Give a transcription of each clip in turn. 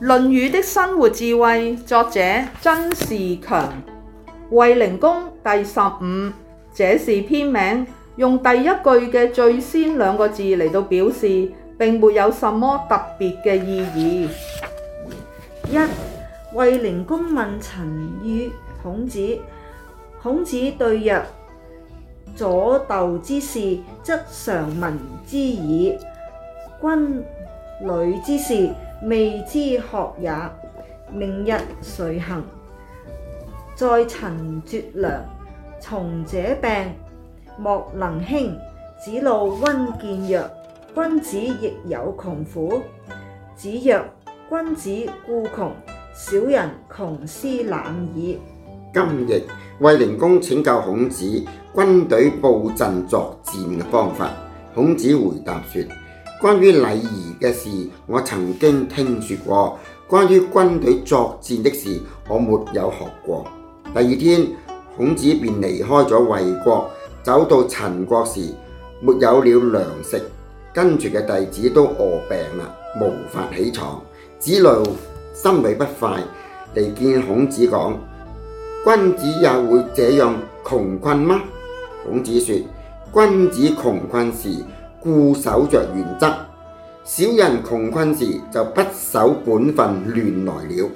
《論語》的生活智慧，作者曾仕強。衛靈公第十五，這是篇名，用第一句嘅最先兩個字嚟到表示，並沒有什麼特別嘅意義。一，衛靈公問陳於孔子，孔子對曰：俎豆之事，則嘗聞之矣；軍旅之事，未知學也，明日誰行？在陳絕良，從者病，莫能興。子路溫健藥，君子亦有窮苦。子曰：君子固窮，小人窮思懶矣。今日衛靈公請教孔子軍隊布陣作致命嘅方法，孔子回答說。關於禮儀嘅事，我曾經聽說過；關於軍隊作戰的事，我沒有學過。第二天，孔子便離開咗衛國，走到陳國時，沒有了糧食，跟住嘅弟子都餓病啦，無法起床。子路心裡不快，嚟見孔子講：君子也會這樣窮困嗎？孔子說：君子窮困時。固守着原則，小人窮困時就不守本分亂來了。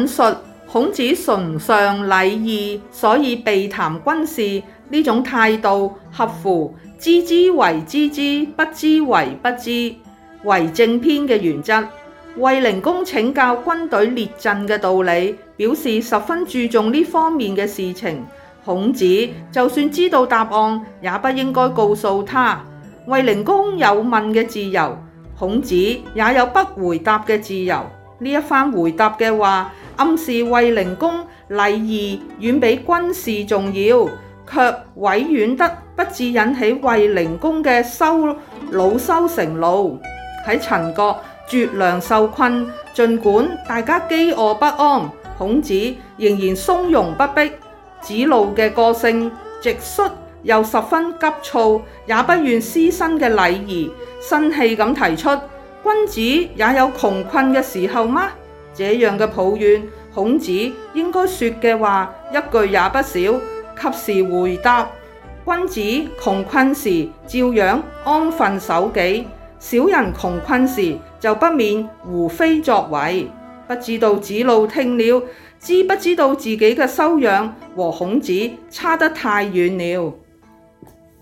引述孔子崇尚禮義，所以避談軍事，呢種態度，合乎知之為知之，不知為不知，為政篇嘅原則。衛靈公請教軍隊列陣嘅道理，表示十分注重呢方面嘅事情。孔子就算知道答案，也不應該告訴他。衛靈公有問嘅自由，孔子也有不回答嘅自由。呢一番回答嘅話，暗示衛靈公禮儀遠比軍事重要，卻委婉得不致引起衛靈公嘅惱惱羞成怒。喺陳國絕糧受困，盡管大家饑餓不安，孔子仍然從容不迫，子路嘅個性直率。又十分急躁，也不願師生嘅禮儀，生氣咁提出：君子也有窮困嘅時候嗎？這樣嘅抱怨，孔子應該説嘅話一句也不少，及時回答：君子窮困時照樣安分守己，小人窮困時就不免胡作非為。不知道子路聽了，知不知道自己嘅修養和孔子差得太遠了？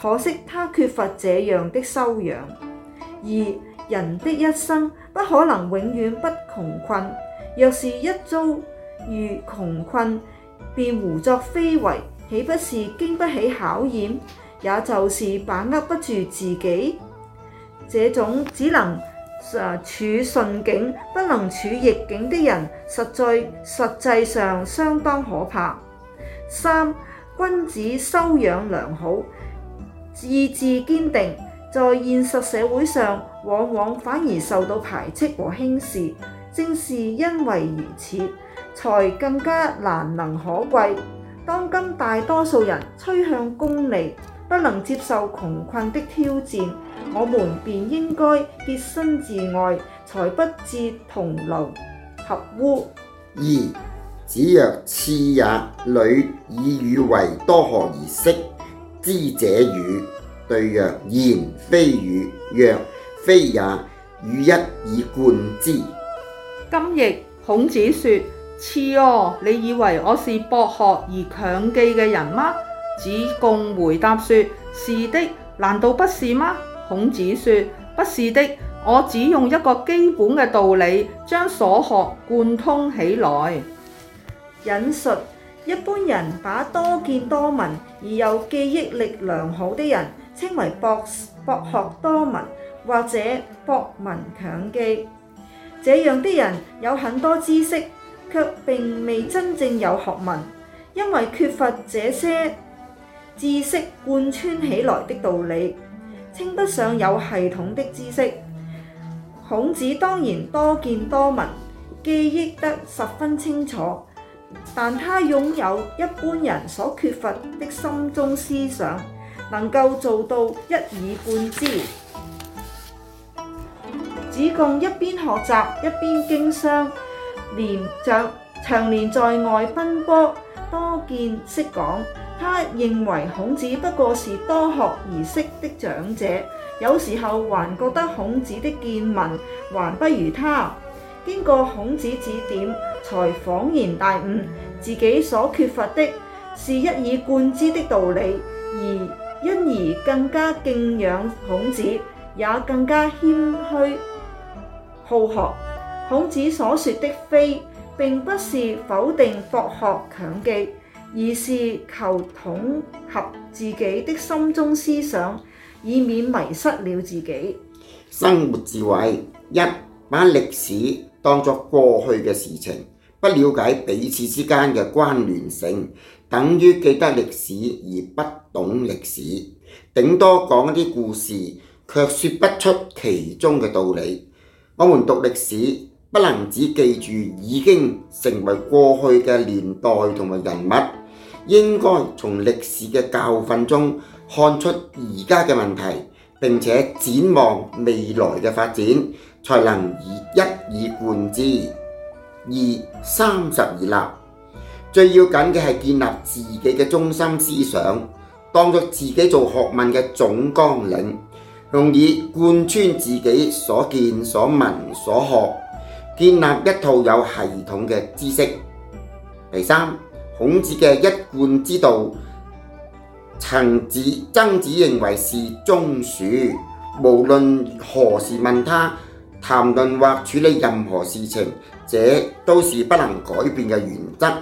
可惜他缺乏這樣的修養。二人的一生不可能永遠不窮困。若是一遭遇窮困，便胡作非為，豈不是經不起考驗，也就是把握不住自己。這種只能、啊、處順境，不能處逆境的人，實在實際上相當可怕。三君子修養良好。意志堅定，在現實社會上，往往反而受到排斥和輕視。正是因為如此，才更加難能可貴。當今大多數人趨向功利，不能接受窮困的挑戰，我們便應該潔身自愛，才不至同流合污。二子曰：「賜也，女以予為多學而識之者與？」對曰：然，非與，曰：非也，予一以貫之。今譯孔子說：賜哦，你以為我是博學而強記嘅人嗎？子貢回答說：是的，難道不是嗎？孔子說：不是的，我只用一個基本嘅道理，將所學貫通起來。引述：一般人把多見多聞而又記憶力良好的人。稱為博博學多聞或者博聞強記，這樣的人有很多知識，卻並未真正有學問，因為缺乏這些知識貫穿起來的道理，稱不上有系統的知識。孔子當然多見多聞，記憶得十分清楚，但他擁有一般人所缺乏的心中思想。能夠做到一以貫之。子貢一邊學習一邊經商，連著長年在外奔波，多見識講。他認為孔子不過是多學而識的長者，有時候還覺得孔子的見聞還不如他。經過孔子指點，才恍然大悟，自己所缺乏的是一以貫之的道理，而。因而更加敬仰孔子，也更加謙虛好學。孔子所說的非，並不是否定博學強記，而是求統合自己的心中思想，以免迷失了自己。生活智慧一，把歷史當作過去嘅事情，不了解彼此之間嘅關聯性。等於記得歷史而不懂歷史，頂多講啲故事，卻說不出其中嘅道理。我們讀歷史，不能只記住已經成為過去嘅年代同埋人物，應該從歷史嘅教訓中看出而家嘅問題，並且展望未來嘅發展，才能以一以貫之，二、三十而立。最要緊嘅係建立自己嘅中心思想，當作自己做學問嘅總綱領，用以貫穿自己所見所聞所學，建立一套有系統嘅知識。第三，孔子嘅一貫之道，曾子、曾子認為是忠恕，無論何時問他談論或處理任何事情，這都是不能改變嘅原則。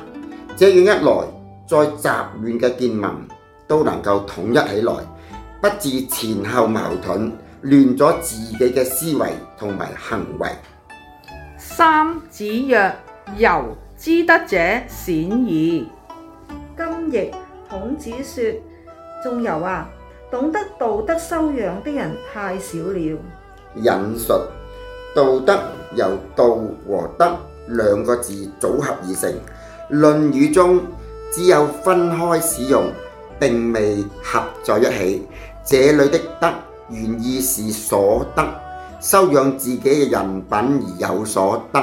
這樣一來，再雜亂嘅見聞都能夠統一起來，不致前後矛盾，亂咗自己嘅思維同埋行為。三，子曰：由知德者，鮮矣。今譯，孔子說，仲由啊，懂得道德修養的人太少了。引述，道德由道和德兩個字組合而成。《論語》中只有分開使用，並未合在一起。這裡的德原意是所得，修養自己嘅人品而有所得，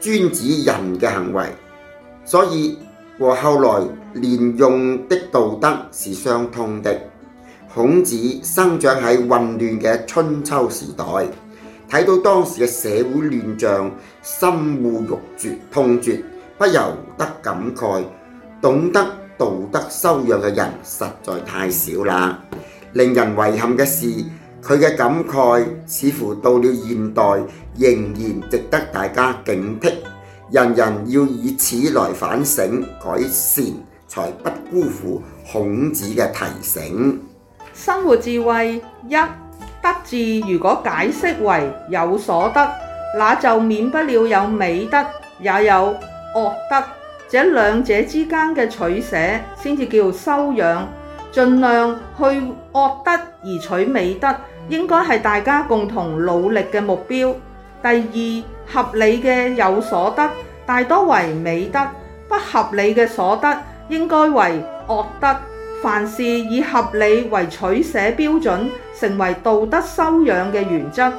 專指人嘅行為，所以和後來連用的道德是相通的。孔子生長喺混亂嘅春秋時代，睇到當時嘅社會亂象，深惡欲絕，痛絕。不由得感慨，懂得道德修養嘅人實在太少啦。令人遺憾嘅是，佢嘅感慨似乎到了現代仍然值得大家警惕。人人要以此來反省改善，才不辜負孔子嘅提醒。生活智慧一，德字，如果解釋為有所得，那就免不了有美德，也有惡德這兩者之間的取捨才叫修養，盡量去惡德而取美德，應該是大家共同努力的目標。第二，合理的有所得大多為美德，不合理的所得應該為惡德，凡事以合理為取捨標準，成為道德修養的原則。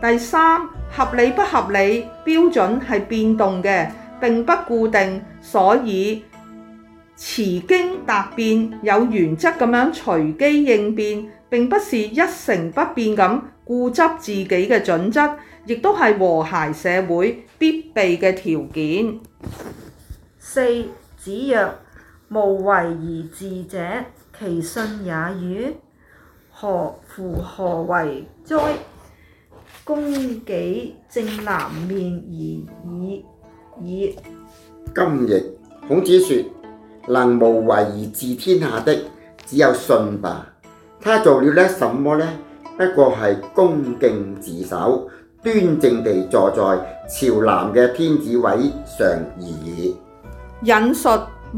第三，合理不合理標準是變動的並不固定，所以持經達變，有原則咁樣隨機應變，並不是一成不變咁固執自己嘅準則，亦都係和諧社會必備嘅條件。四子曰：無為而治者，其舜也與？何乎何為哉？恭己正南面而已。以今日孔子說能無為而治天下的只有舜吧。他做了呢什麼呢？不過係恭敬自守，端正地坐在朝南嘅天子位上而已。引述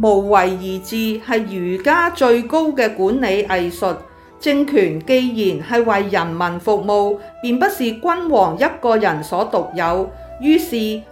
無為而治係儒家最高嘅管理藝術。政權既然係為人民服務，便不是君王一個人所獨有。於是，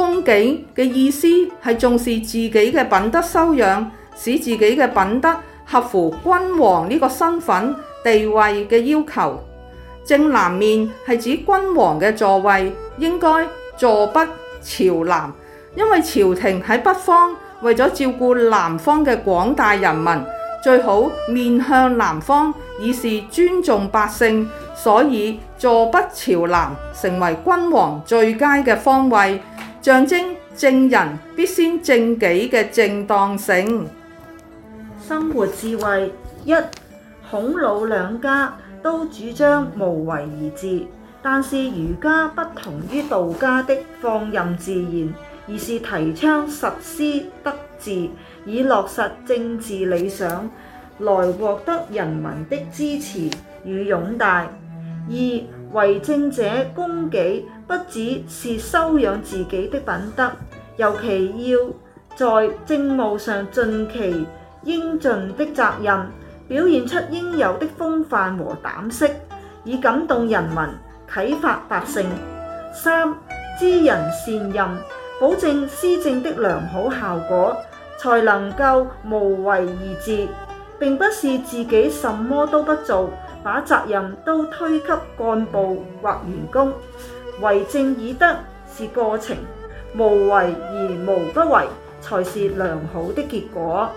恭己嘅意思係重視自己嘅品德修養，使自己嘅品德合乎君王呢個身份地位嘅要求。正南面係指君王嘅座位應該坐北朝南，因為朝廷喺北方為咗照顧南方嘅廣大人民，最好面向南方，以示尊重百姓，所以坐北朝南成為君王最佳嘅方位。象徵正人必先正己嘅正當性。生活智慧一，孔老兩家都主張無為而治，但是儒家不同於道家的放任自然，而是提倡實施德治，以落實政治理想，來獲得人民的支持與擁戴。二，為政者恭己。不只是修養自己的品德，尤其要在政務上盡其應盡的責任，表現出應有的風範和膽識，以感動人民、啟發百姓。三，知人善任，保證施政的良好效果，才能夠無為而治。並不是自己什麼都不做，把責任都推給幹部或員工。為政以德是過程，無為而無不為，才是良好的結果。